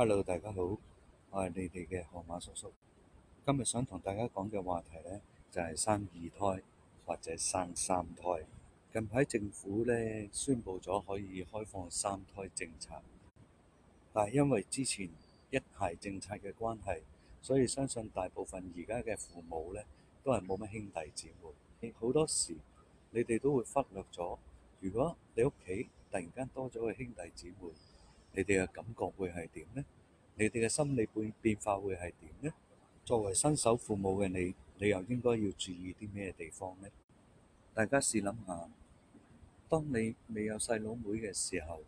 Hello 大家好，我係你哋嘅河馬叔叔。今日想同大家講嘅話題呢，就係生二胎或者生三胎。近排政府呢，宣佈咗可以開放三胎政策，但係因為之前一孩政策嘅關係，所以相信大部分而家嘅父母呢，都係冇乜兄弟姊妹。好多時你哋都會忽略咗，如果你屋企突然間多咗個兄弟姊妹。你哋嘅感覺會係點呢？你哋嘅心理變變化會係點呢？作為新手父母嘅你，你又應該要注意啲咩地方呢？大家試諗下，當你未有細佬妹嘅時候，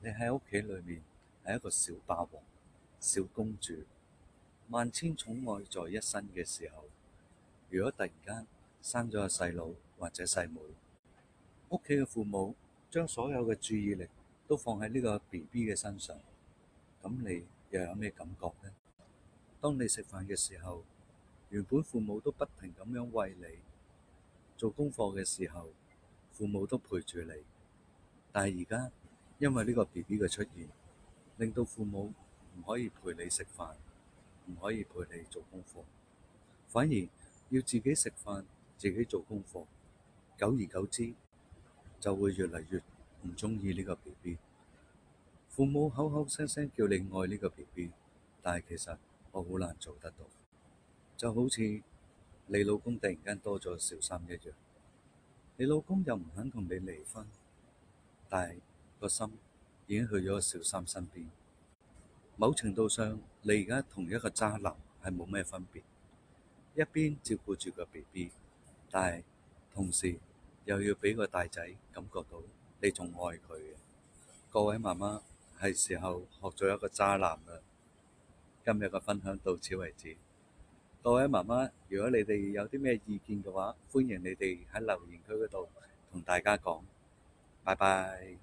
你喺屋企裏面係一個小霸王、小公主，萬千寵愛在一身嘅時候，如果突然間生咗個細佬或者細妹，屋企嘅父母將所有嘅注意力，都放喺呢個 BB 嘅身上，咁你又有咩感覺呢？當你食飯嘅時候，原本父母都不停咁樣餵你；做功課嘅時候，父母都陪住你。但係而家因為呢個 BB 嘅出現，令到父母唔可以陪你食飯，唔可以陪你做功課，反而要自己食飯、自己做功課。久而久之，就會越嚟越～唔中意呢個 BB，父母口口聲聲叫你愛呢個 BB，但係其實我好難做得到。就好似你老公突然間多咗小三一樣，你老公又唔肯同你離婚，但係個心已經去咗小三身邊。某程度上，你而家同一個渣男係冇咩分別，一邊照顧住個 BB，但係同時又要俾個大仔感覺到。你仲愛佢嘅，各位媽媽係時候學做一個渣男啦。今日嘅分享到此為止，各位媽媽，如果你哋有啲咩意見嘅話，歡迎你哋喺留言區嗰度同大家講。拜拜。